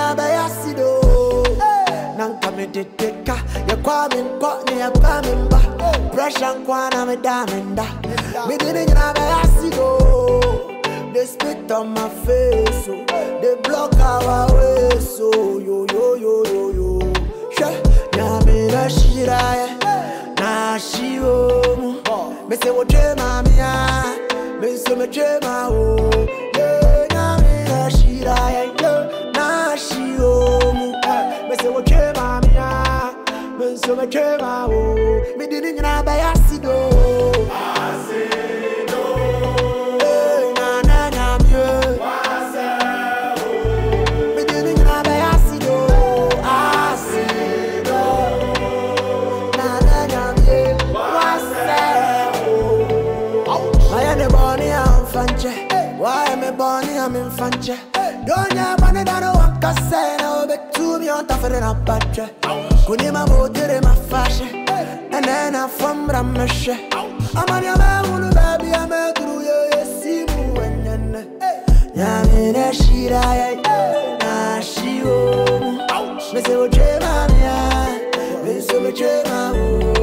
na baya sido nanka mba pressure na nda oh. They spit on my face, so oh. they block our way, so oh. yo yo yo yo yo. Sure, now me la shira, na shio. Me say what dream me a, me say me dream so oh, oh. me chema o me di ni nyina ba yasido asido eh na na na mye wasa o me di ni nyina ba yasido asido na na na mye wasa o aya ne boni am fanche why me boni am in fanche donya bani dano wakasena obetumi on tafere na patche Ponema potere ma face E ne na fambra me she Amani ame ulu baby ame tru yo yesi mu enene Nyame ne shira ye Na shi omu Mese wo chema mea Mese wo chema omu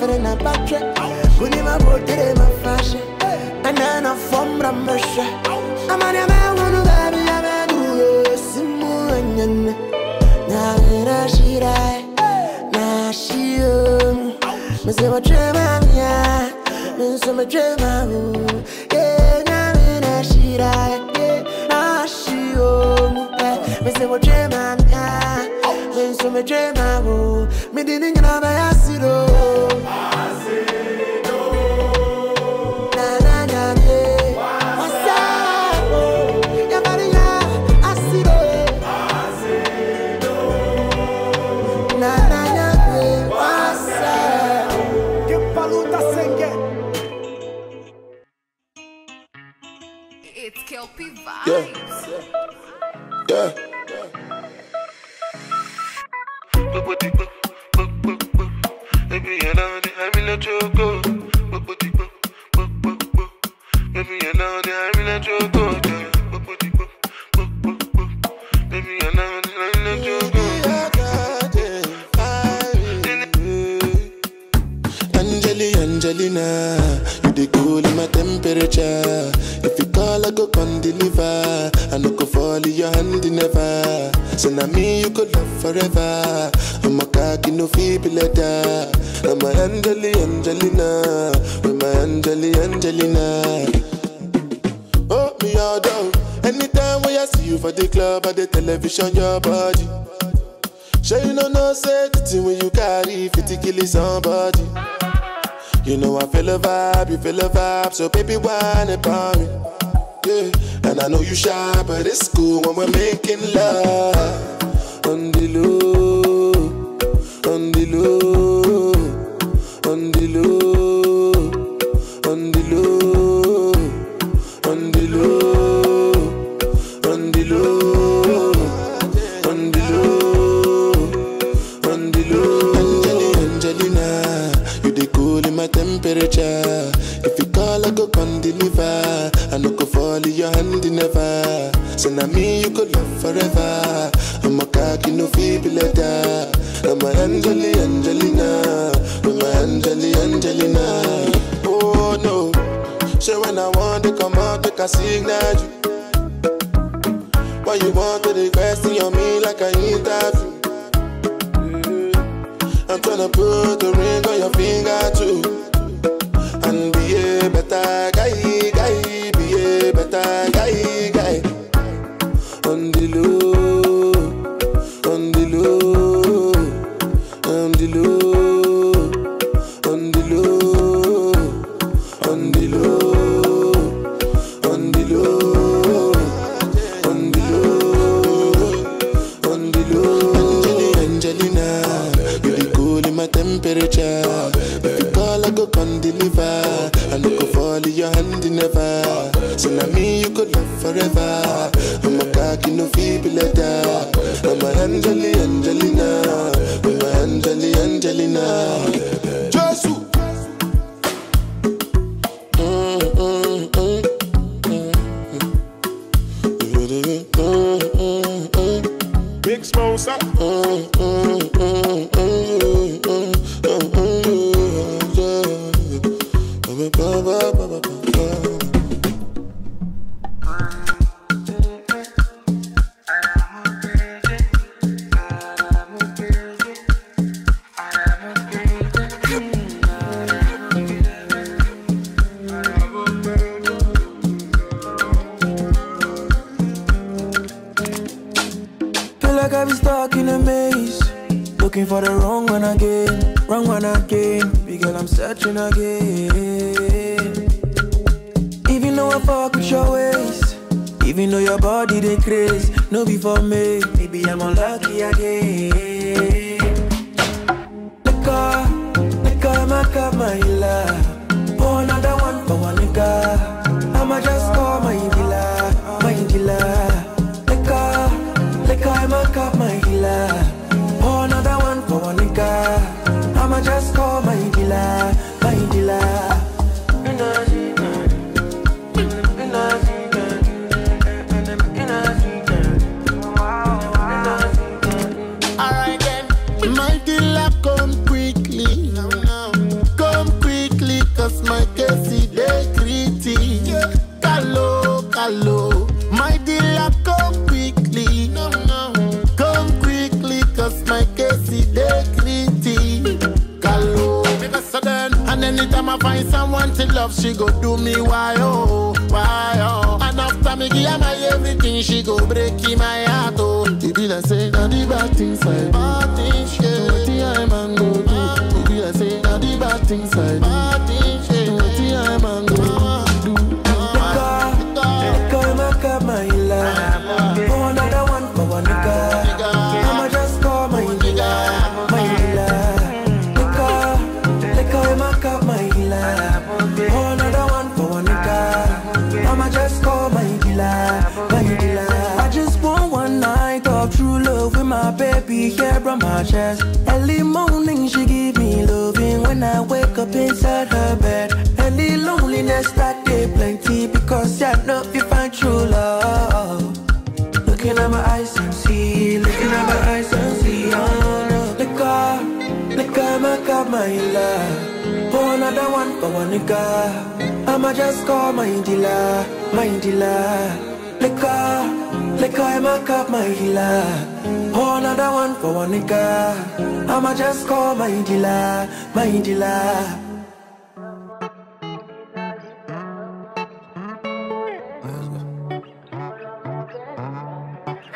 fare una pace Unima vuol dire ma face E non affombra mesce Amare a me uno baby a me due Si muognane Na vera shirai Na shiom Ma se ma trema mia Ma se trema u Yeah, na vera shirai na shiom Ma se ma trema mia Ma se ma trema u Mi di ningna ma yasiro Happy vibes. Yeah. the vibe, so baby, whine about me. Yeah. And I know you shy, but it's cool when we're making love. Explosive. Uh. Mm, mm, mm, mm.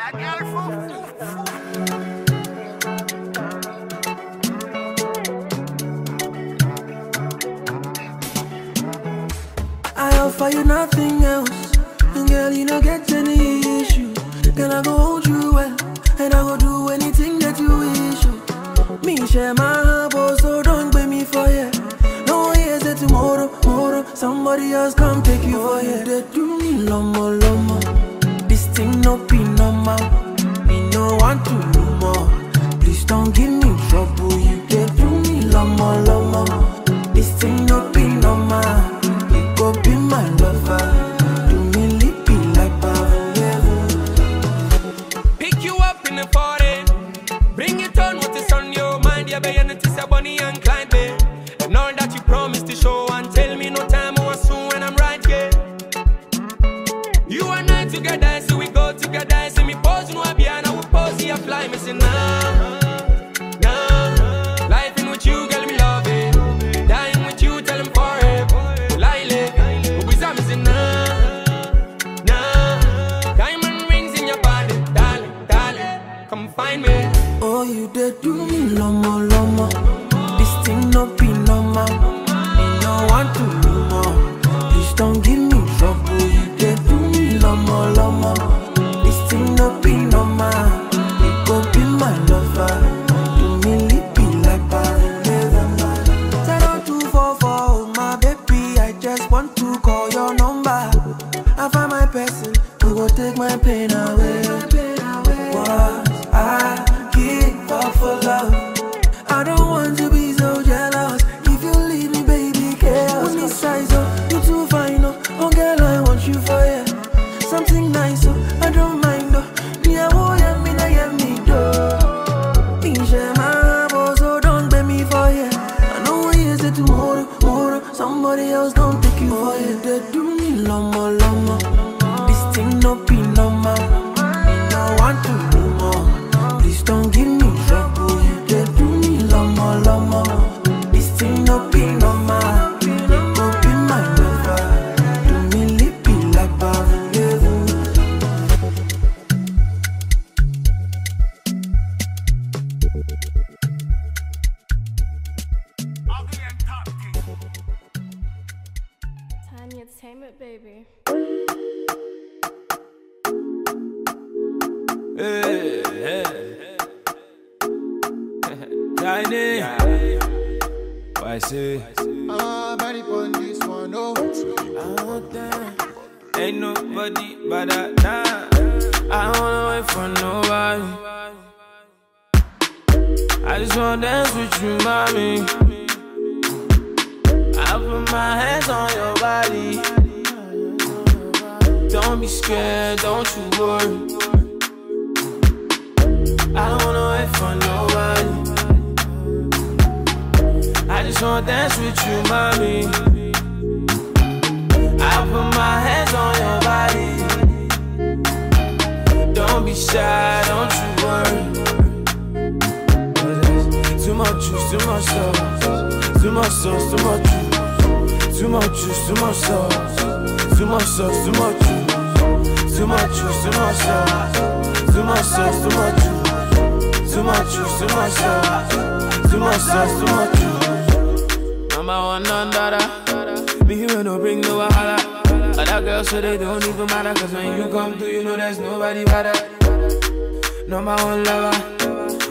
I offer you nothing else. And girl, you don't get any issue. Can I go hold you well. And I go do anything that you wish. Me share my Ain't nobody but I die. I don't wanna wait for nobody. I just wanna dance with you, mommy. I put my hands on your body. Don't be scared, don't you worry. I don't wanna wait for nobody. I just wanna dance with you, mommy. I put my on your body. Don't be shy, don't you worry. Too much juice, too much sauce, too much sauce, too much juice, too much juice, too much sauce, too much sauce, too much juice, too much juice, too much sauce, too much sauce, too much juice, too much juice, too much sauce, too much sauce, too much juice. Number one, none, daughter. Me here no bring no wahala. Other girl, so they don't even matter Cause when you come through you know there's nobody better Not my own lover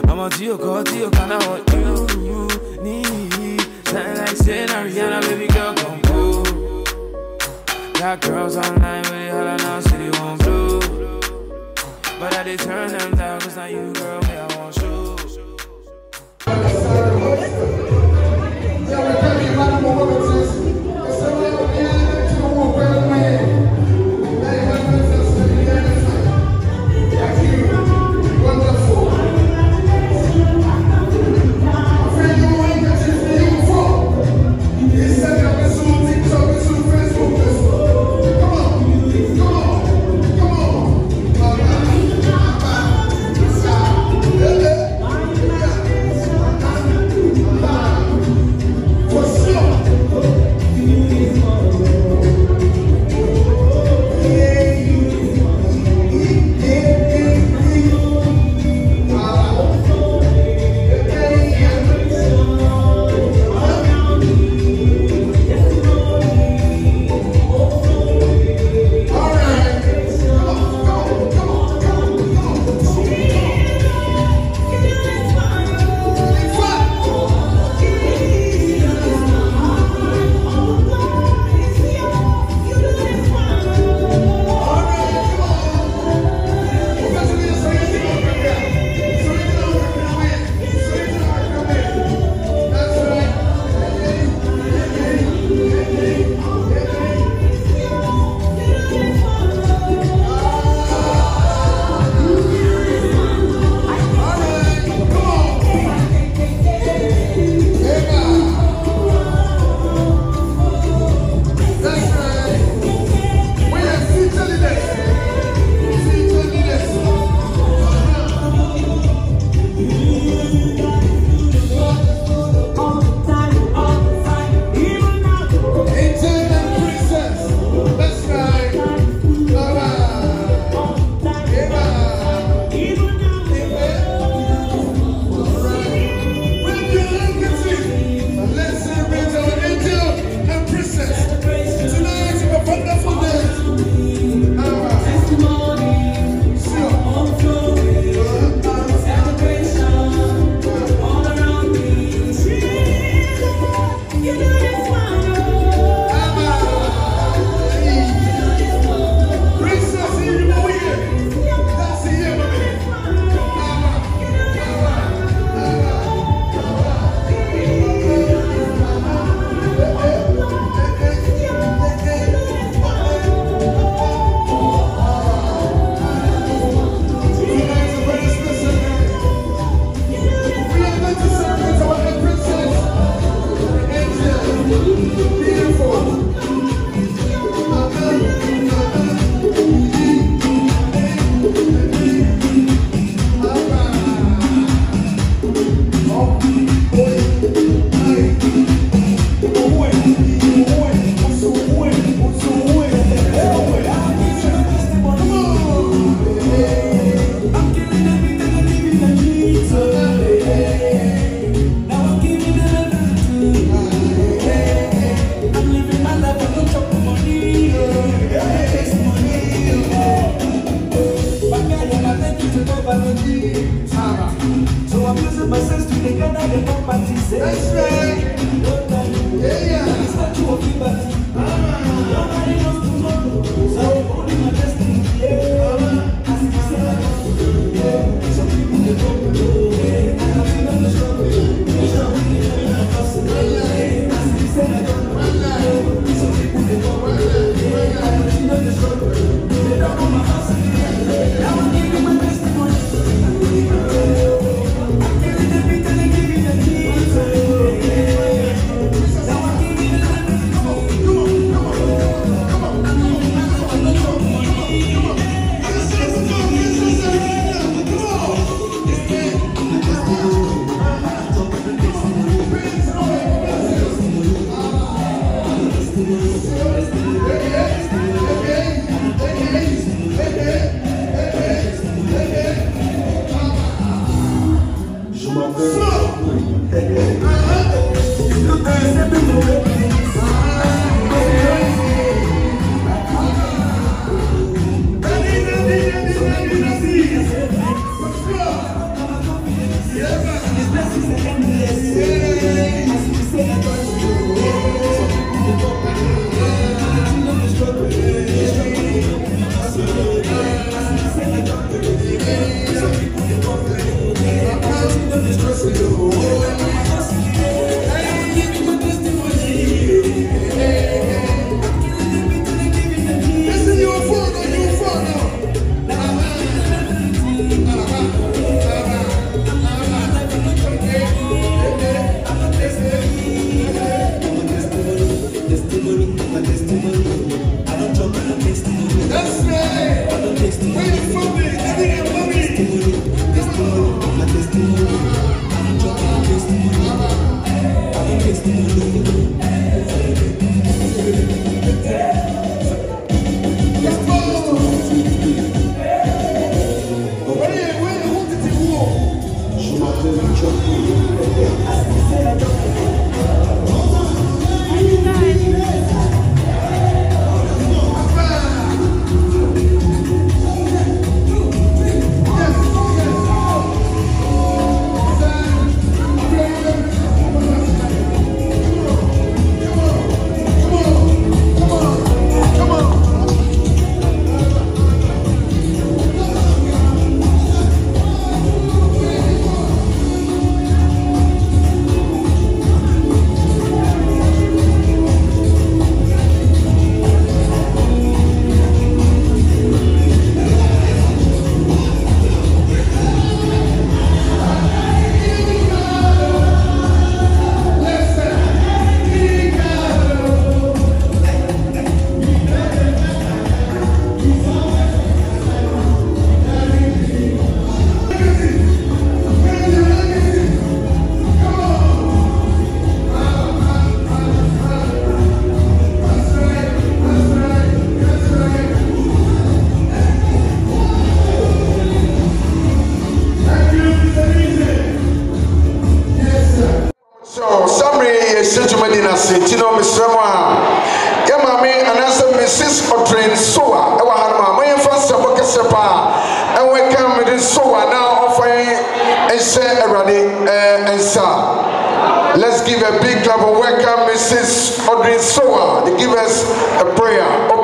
I'm a Tio call Tio can I want you need Sound like saying Ariana, baby girl come through. Got girls online but they holla now so they won't blow But I did turn them down cause now you girl me I want shoes Yeah, we're talking about a woman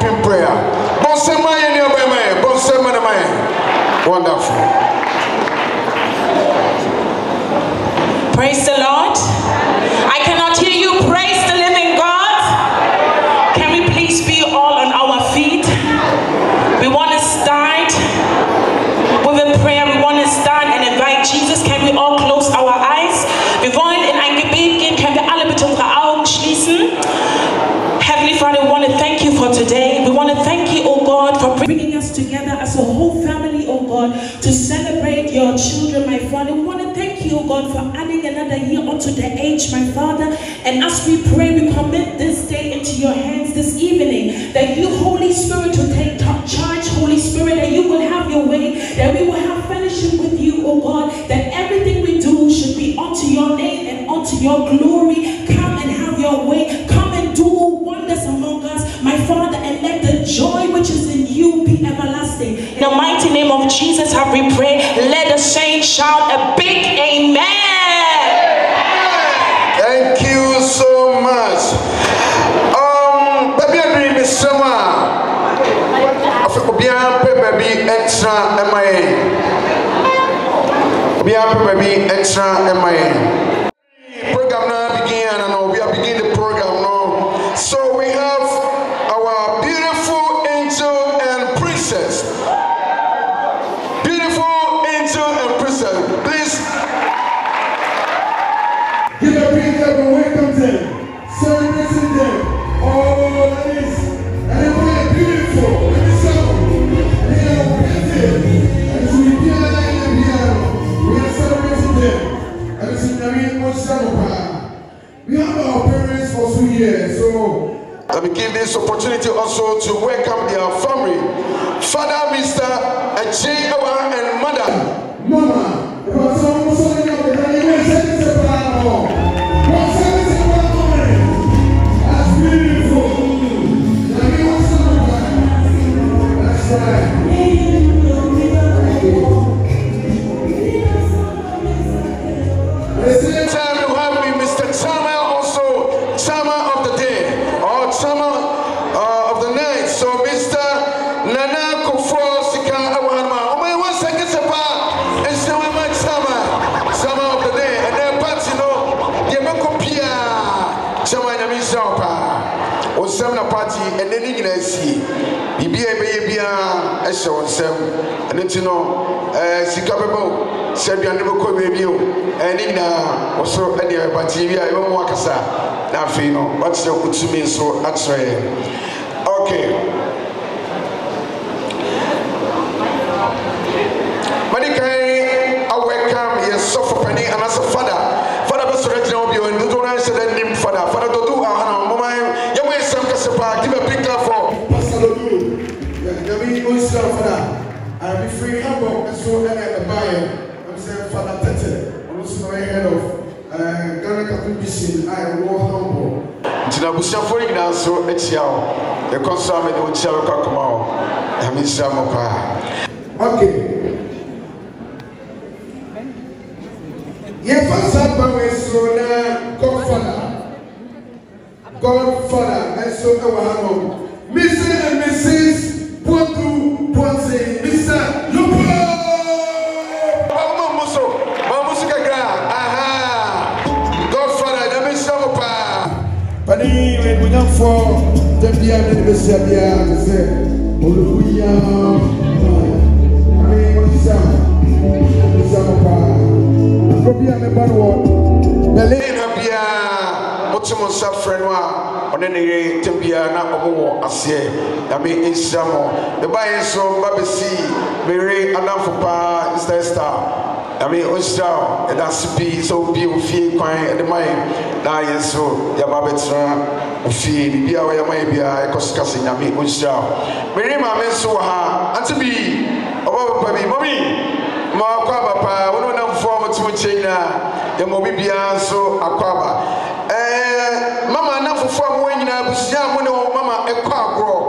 in prayer. Wonderful. Praise the Lord. Father, we want to thank you, God, for adding another year onto the age, my Father. And as we pray, we commit this day into your hands this evening that you, Holy Spirit, will take charge, Holy Spirit, that you will have your way, that we will have fellowship with you, oh God, that everything we do should be unto your name and unto your glory. Come and have your way. Come and do wonders among us, my Father, and let the joy which is in you be everlasting. In the mighty name of Jesus have we pray? Let us shout a big amen. Thank you so much. Um, baby, I dream is summer. Obiara pe baby extra emaye. Obiara pe baby extra emaye. opportunity also to welcome their family. Father, Mr. nti no ɛɛ sika bɛbɛ o sɛ aduane bɛkɔ baabi o ɛɛ ne nyinaa wɔso ɛde ɛbate bi a ɛbɛ mu akasa na afei no wakyerɛ wotumi nso akyerɛ yɛ okay madikan awɛkam yɛ sɔfo panin anaasɛ fada fada bɛ sɔrɔ gyina hɔ bi o dodo na nhyɛ dɛ nim fada fada dodo ahana mɔmɔ yɛ yɛ mo yɛ sɛm kɛse paa ti bɛ pink afɔ. pasalo duro yɛ nyame yi o sira fada maame firi hamburg nso ɛna ɛbaeɛ ɛmu sɛ fada tɛtɛ ɔno nso na ɔyɛ head of uh, ghana catholic mission a ɛwɔ hamburg. ntina abusuafoɔ no nyinaa nso akyia wo yɛkɔ nso a mede wo kyia wokɔ akoma wo nyame nhyira mɔ paa okay yɛfa saa bawɛ so na godfather godfather nso ɛwɔ hamburg mrs and mrs ebunyamfoɔ dɛ bia ne ne besia bia te sɛ olufu yia ame bisa bisa mo paa nkɔ bia ne ba no wɔ berlin ha bia mote mo nsa frɛ no a ɔne ne yere ntɛm biara na ɔmo wɔ aseɛ yame nhyira mo ne ba yɛ nso ba bɛsi mere adamfo paa star star yame ɔnhyira ɛda ase bi sɛ obi ofie kwan ɛde ma yɛ na yɛn nso yɛba bɛtena ofie biribi a wɔyɛ ma yɛ biara ɛkɔ sika sɛ nyame ɔnhyira wo mene maame nso wɔ ha ante bi ɔba papa bi mami ma akɔ aba paa wɔne wonamfoɔ motom nkyɛ nyinaa yɛma obi biara nso akɔ aba eh, mama na fofoɔ a mowɔ nyinaa abusua mo ne wɔ mama ɛkɔ agorɔ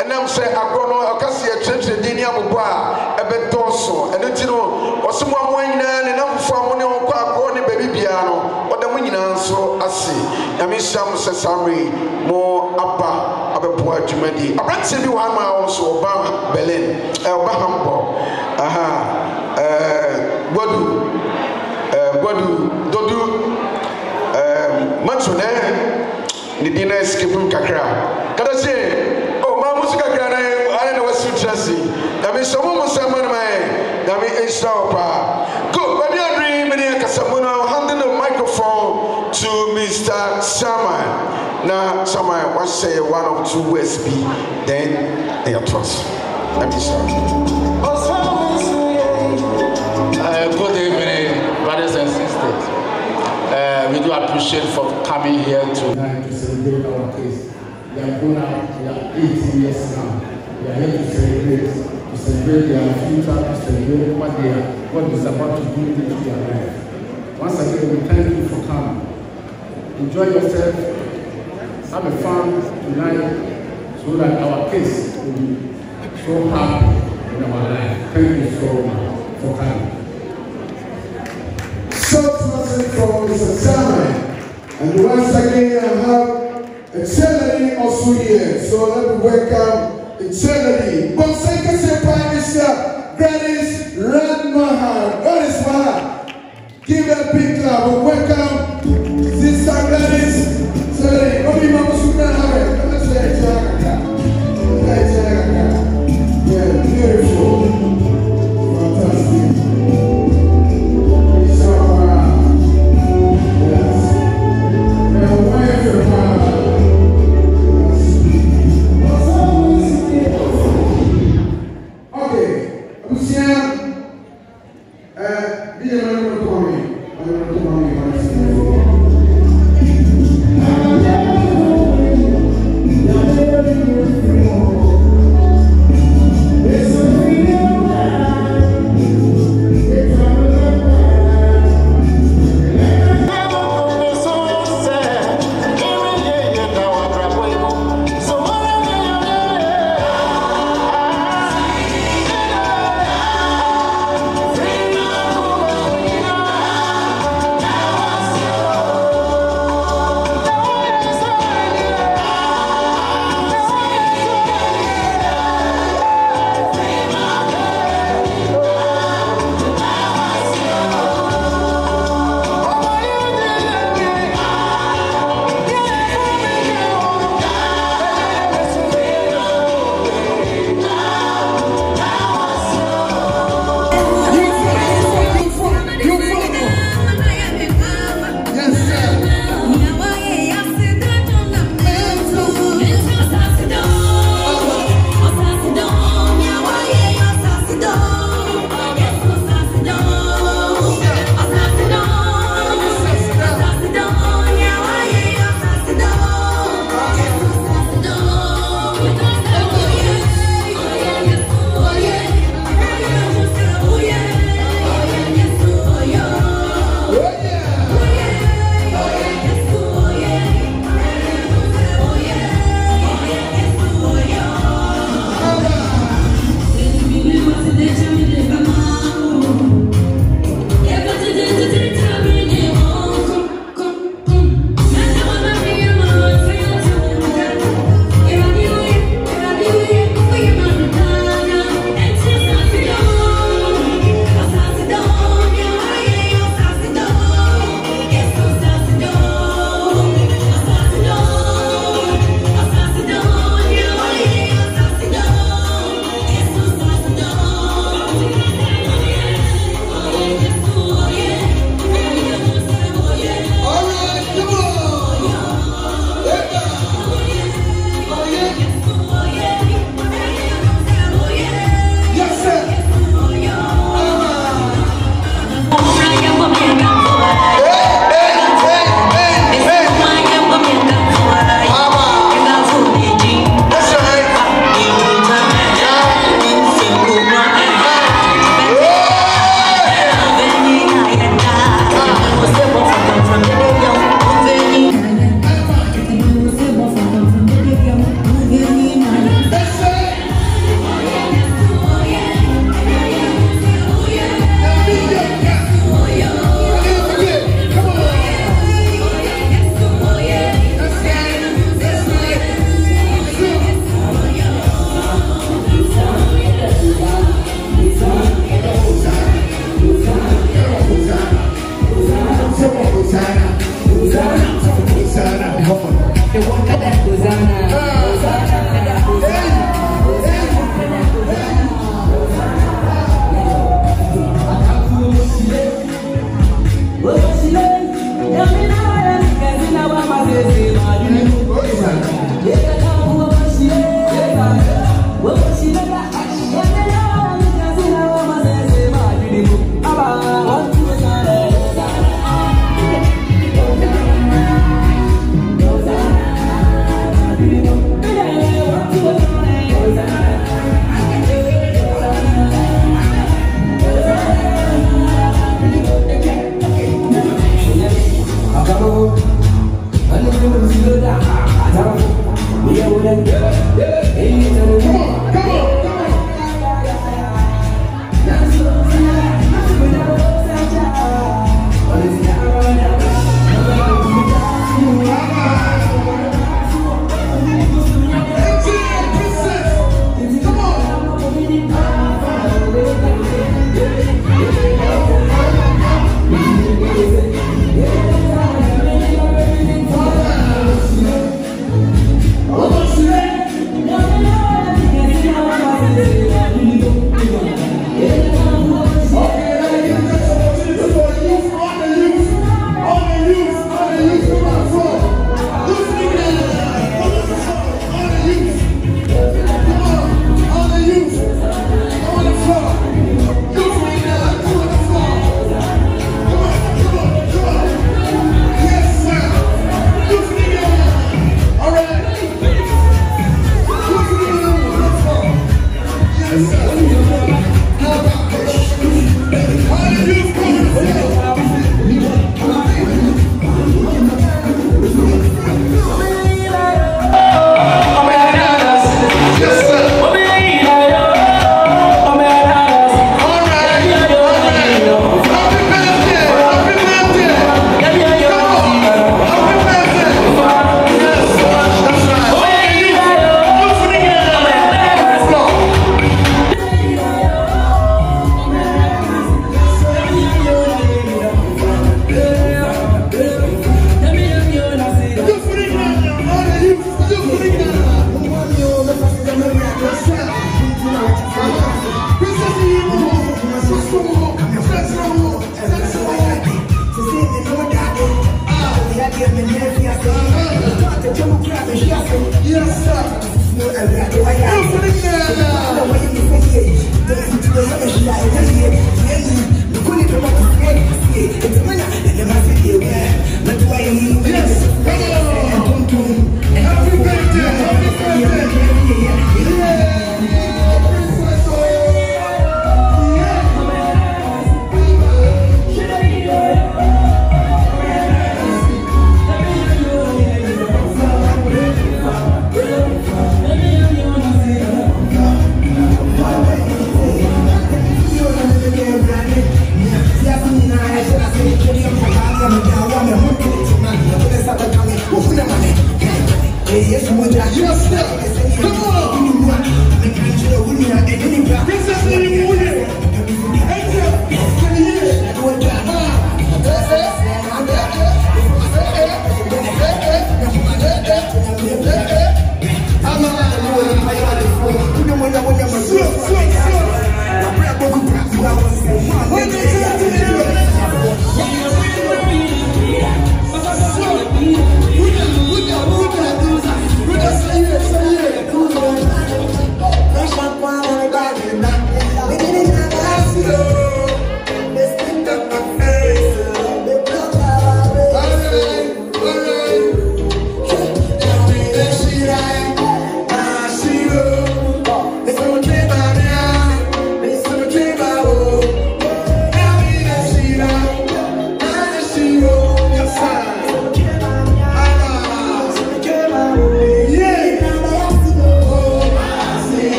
ɛnam sɛ agorɔ no ɔka yɛtwerɛtwerɛ din ne abobɔ a ɛbɛdɔɔso ɛno nti no ɔsomoa mowɔ nyinaa ne nam fofoɔ a mo ne wɔ kɔ agorɔ ne baabi biara no nso ase nyame hyia mo sɛ samre mo aba abɛboa adwuma di aberanteɛ bi wɔ ama wɔn so ɔba berlin ɔba hamburg aha gbadu gbadu dodu mato nɛ ne din na escape mu kakra kada se o oh, maa mo kakra na ayɛ na wasi tira se nyame hyia mo mo sɛ mo ne ma yɛ nyame hyia wɔ paa ko baabi aduru yi mi ne kasa mu na Mr. Shaman. Now, Shaman, what say one of two words be? Then, they are trust. Let me start. Uh, good evening, brothers and sisters. Uh, we do appreciate for coming here tonight to celebrate our case. We are grown up, we are 18 years now. We are here to celebrate to celebrate their future, to celebrate what they are, what is about to do into their life. Once again, we thank you for coming. Enjoy yourself. Have a fun tonight so that our kids will be so happy in our life. Thank you so much for coming. So nothing for Mr. Salmon. And once again, I have a eternity also here. So let me welcome eternity. Bonsai Senpai is here. Granny's Rand Mahan. What is Mahan? Give a big clap and welcome.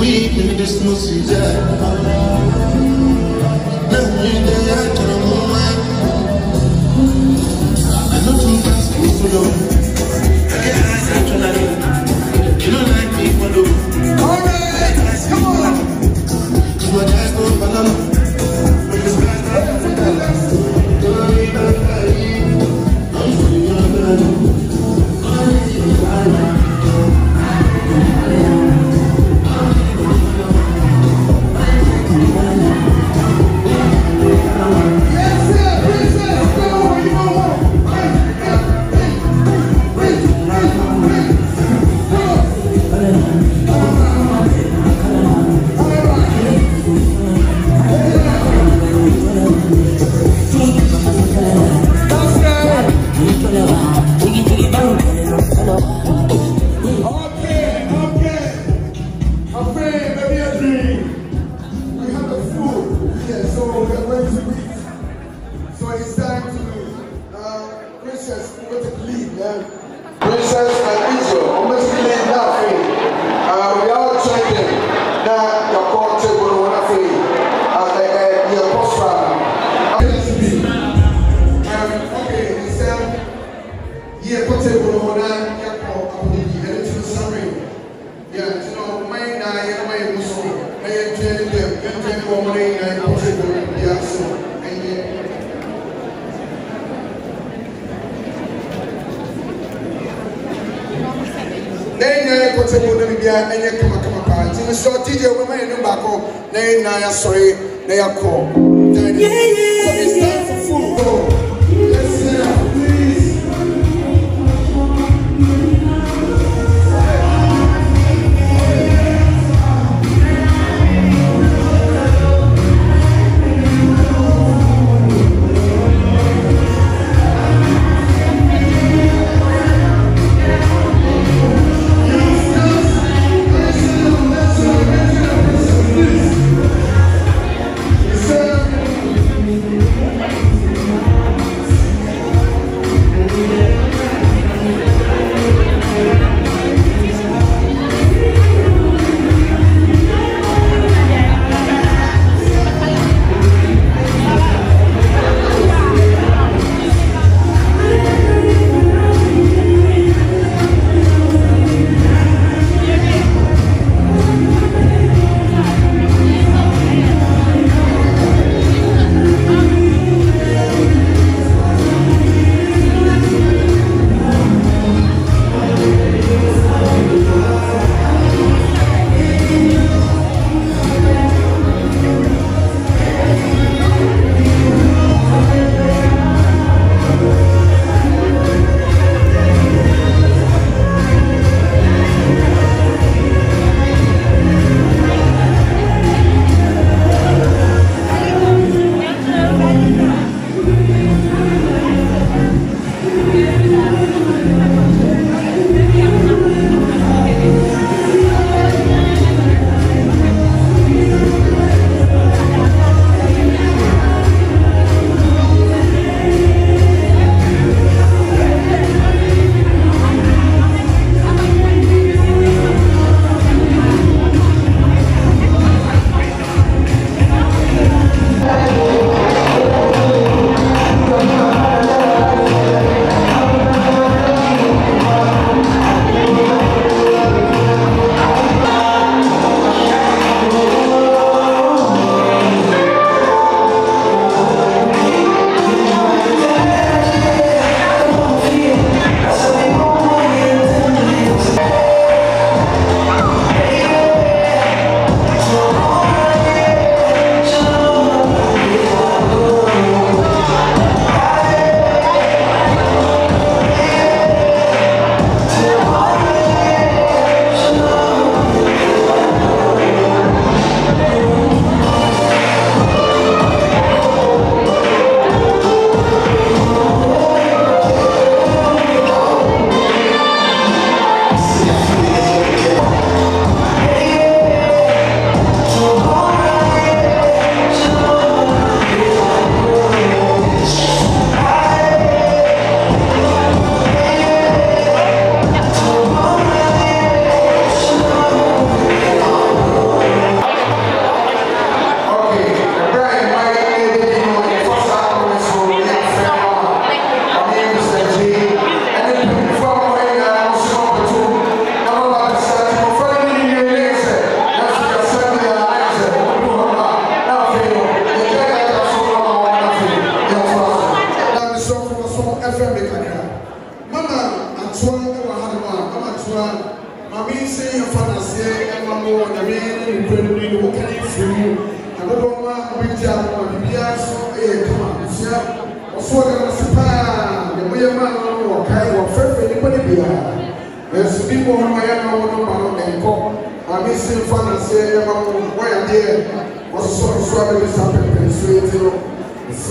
sweet in this music.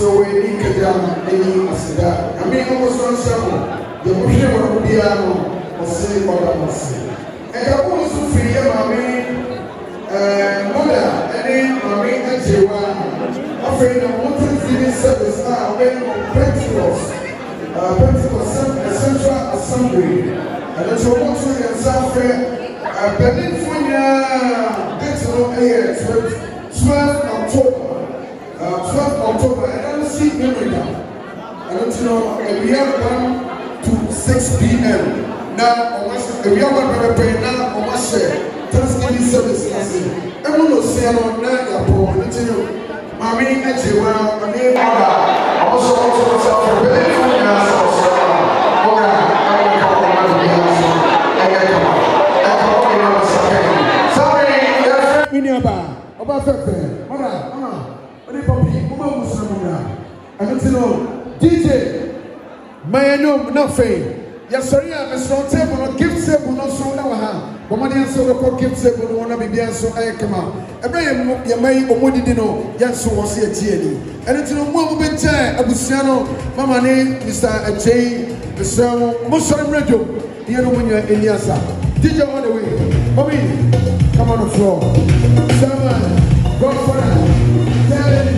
sɛ wɔani kagya no ani aseda nyame wobɔsɔ nhyɛ mo deɛ wohwɛ wɔ no biara no ɔse ɔda mo ase ɛkako nso firi yɛ maame mɔda ne maame agyewa afei na wɔte tv service a ɔbɛyɛ no pentecost pentecost central assembly ɛno nso wɔmɔto yɛ nsa afɛ mpanimfoɔ nyinaa date no yɛ twelve october twelve october emergency mimika ɛno nti no awia one to six pm na ɔmo ahyɛ awia one pɛpɛpɛ na ɔmo ahyɛ thanksgiving service ase ɛmu na osia no na yabɔ ɛno nti no maame akyire wa ɔne ɛna ɔmo nso ɔmo nso sɛ ɔmo bɛyɛ fún yàrá sɛ ɔsɛ ɔmo ɔmo na ɔmo na ɔmo na ɔmo yàrá sɛ ɛyɛ kama ɛkɔ ɔmo na ɔmo sɛ ɛyɛ kama sáré yɛfɛ. mi ni aba ọba nti no dj mayɛ nom na afei yɛsɔre a mesrɛ table no gift table no nso na wɔ ha bɔmmɔden nso bɛkɔ gift table no na biribia nso ayɛ kama ɛberɛ yɛma yi ɔmo didi no yɛnso wɔ so yɛtie ani ɛno nti no mo a mobɛkyɛɛ abusua no mama ne mr akyei mesrɛ mo mosɔre mmerɛ dwom ne yɛno mo nyɛ ani asa dj all the way mami come on the floor sermon godfather tell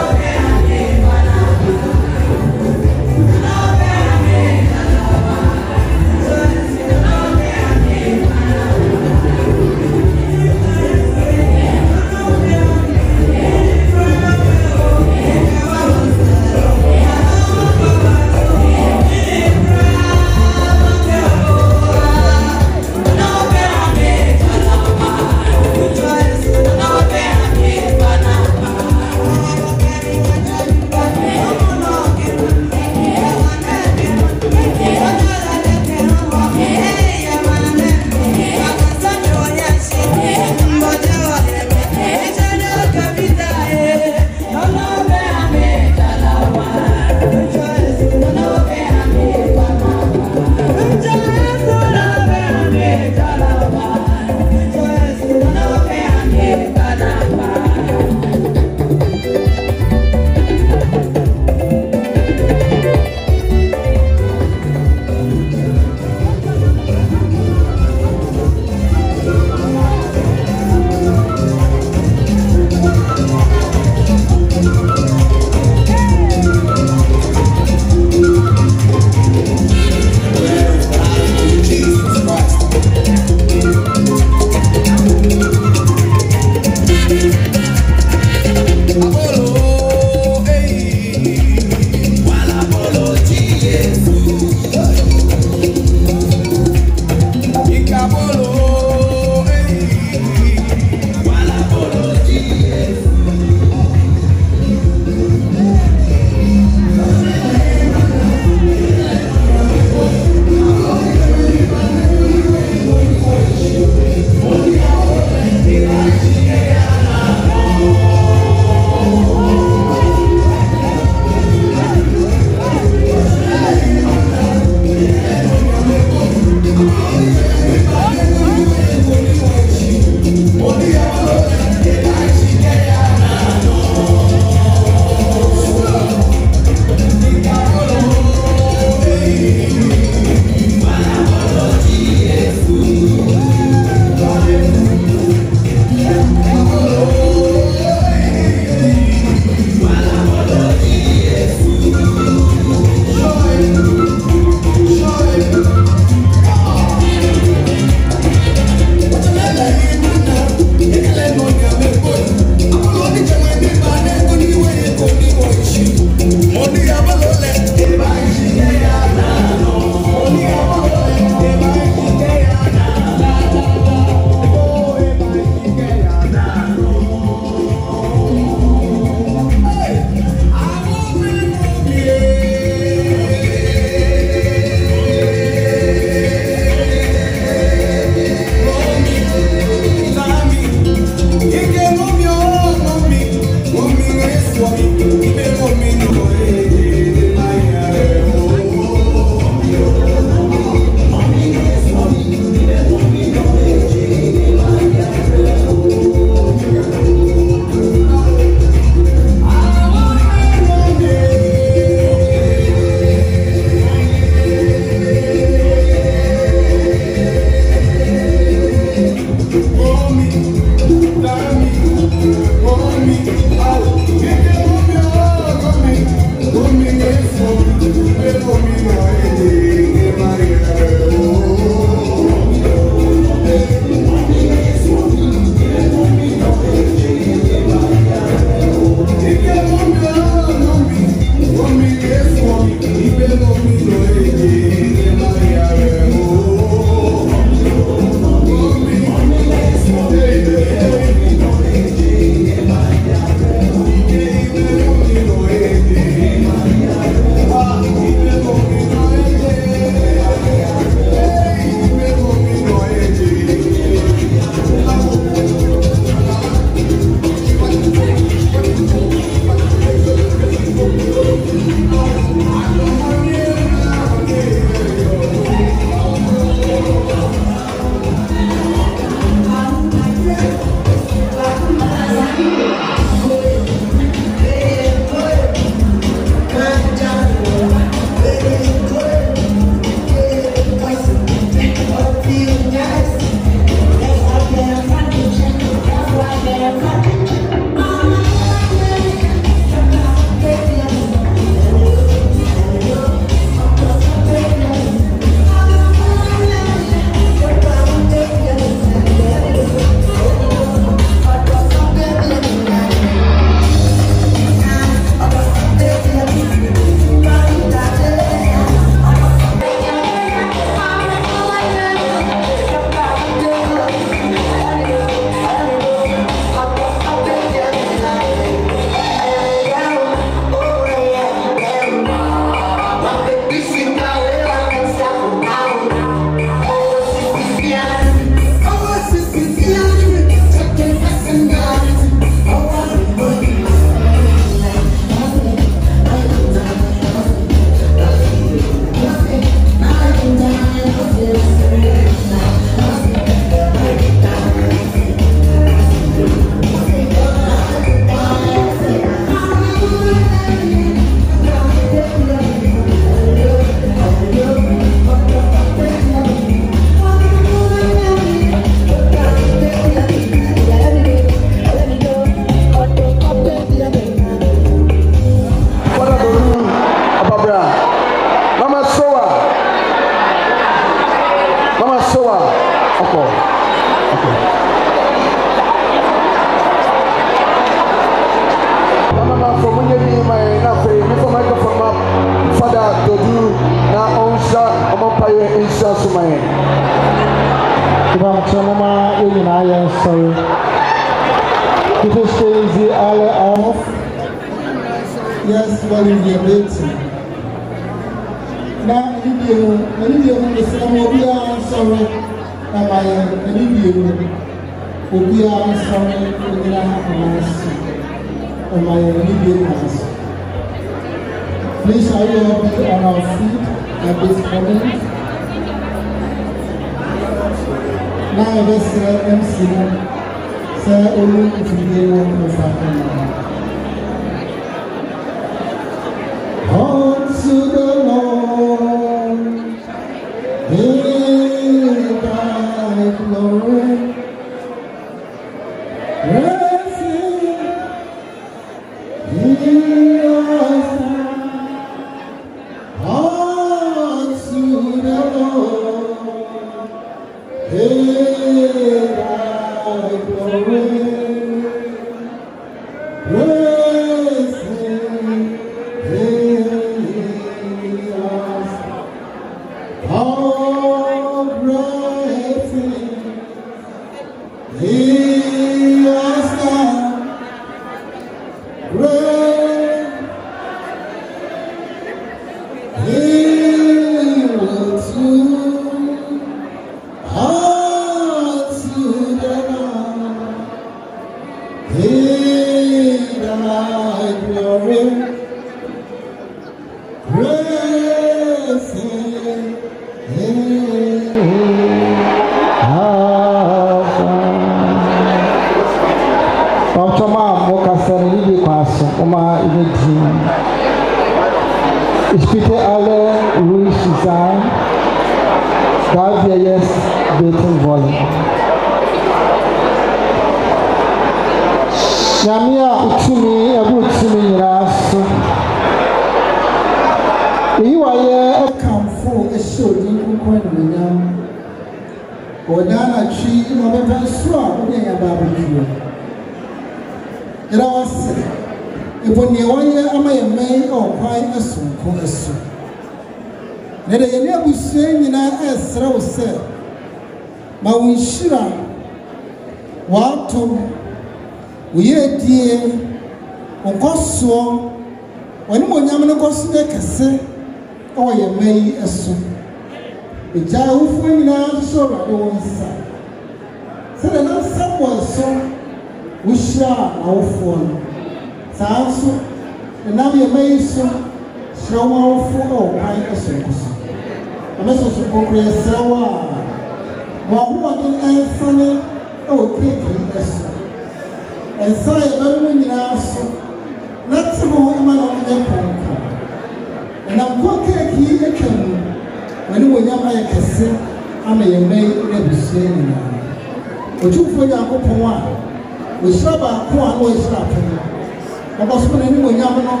ɔbɔ so na anim onyam no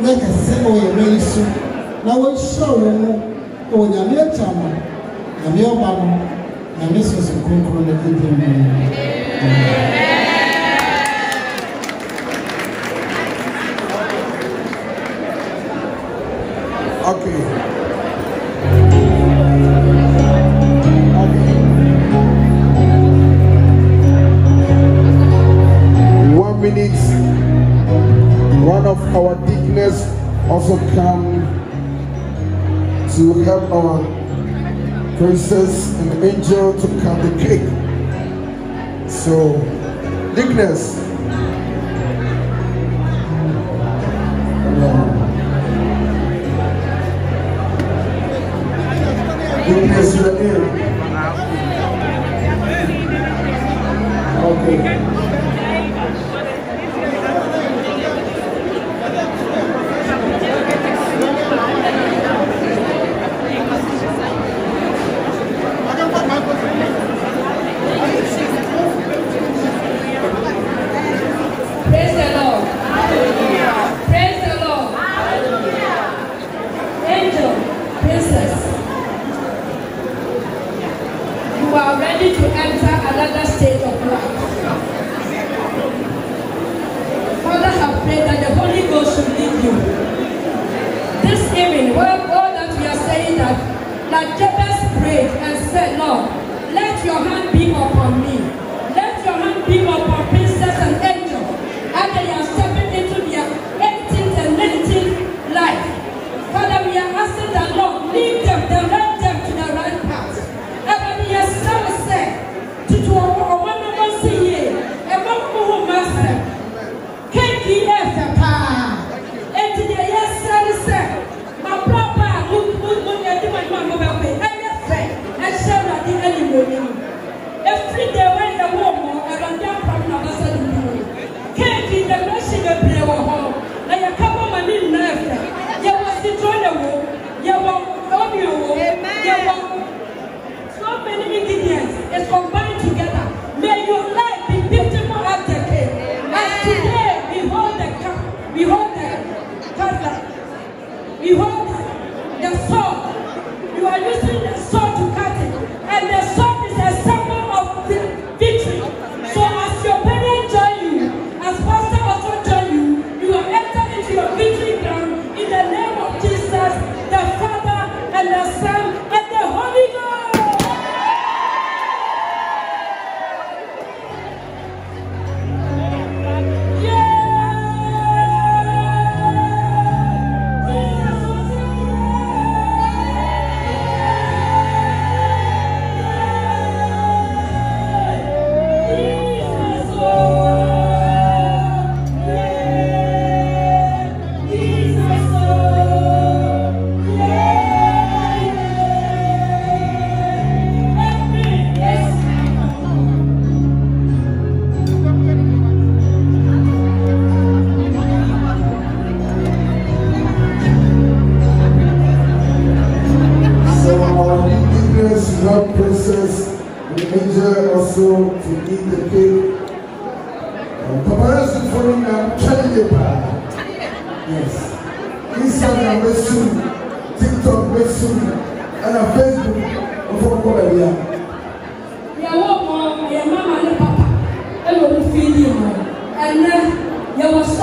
ne kɛse na ɔyɛ mɛ yi so na wɔahyira wɔn mu wɔ nyame agya no nyame ɔba no nyame soso kronkron na ɛdi mu princess and angel to cut the cake. So, Nicholas,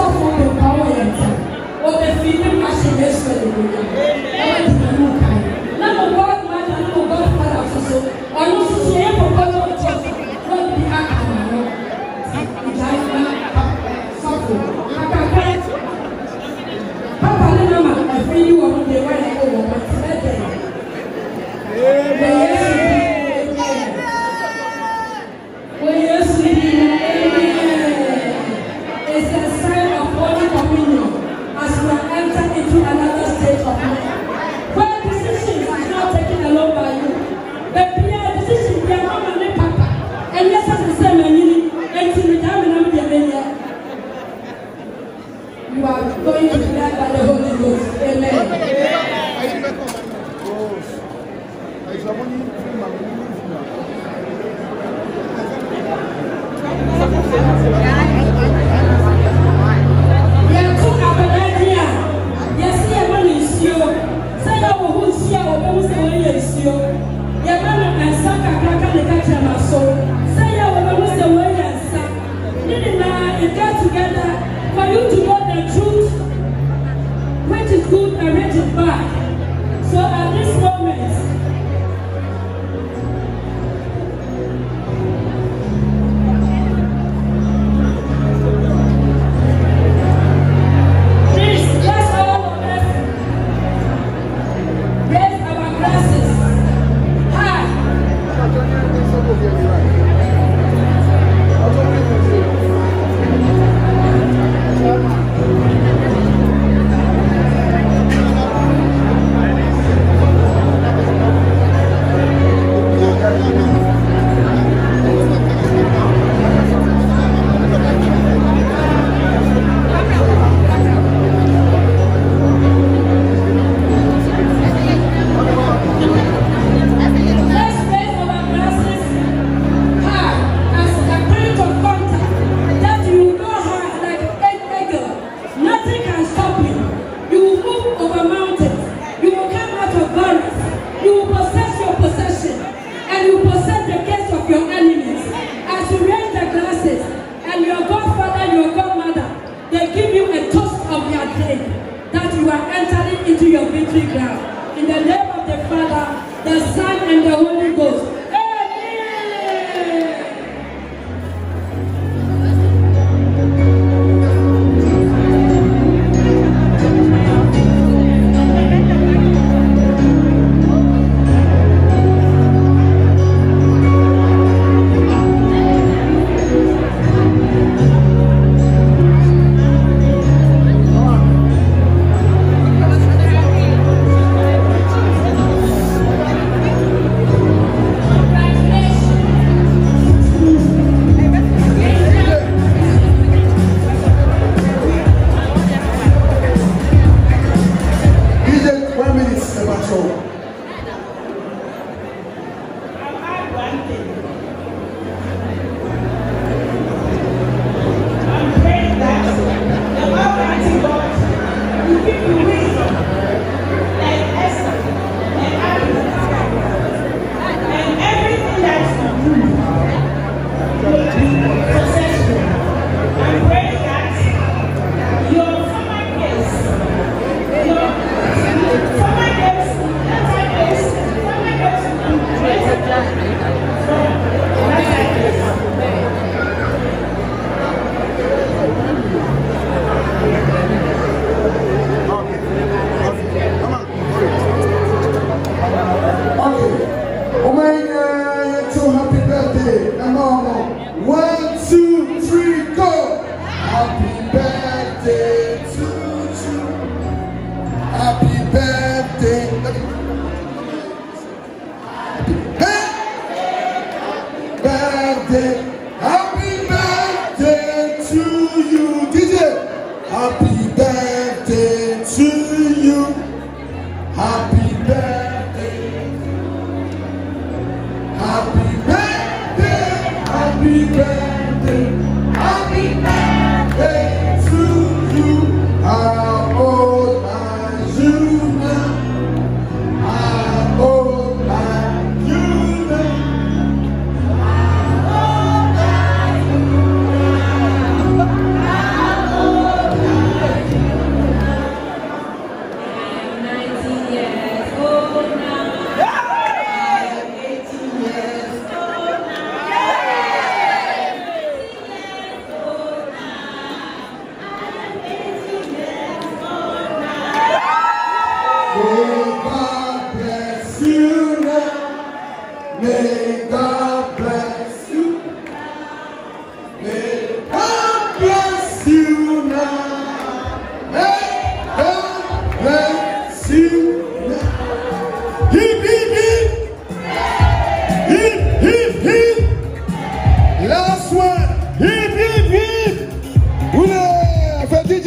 sọ́fún ló pàwọ́ yẹn tẹ̀. Òde fi ní ma ṣe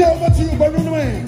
over to you, Balloon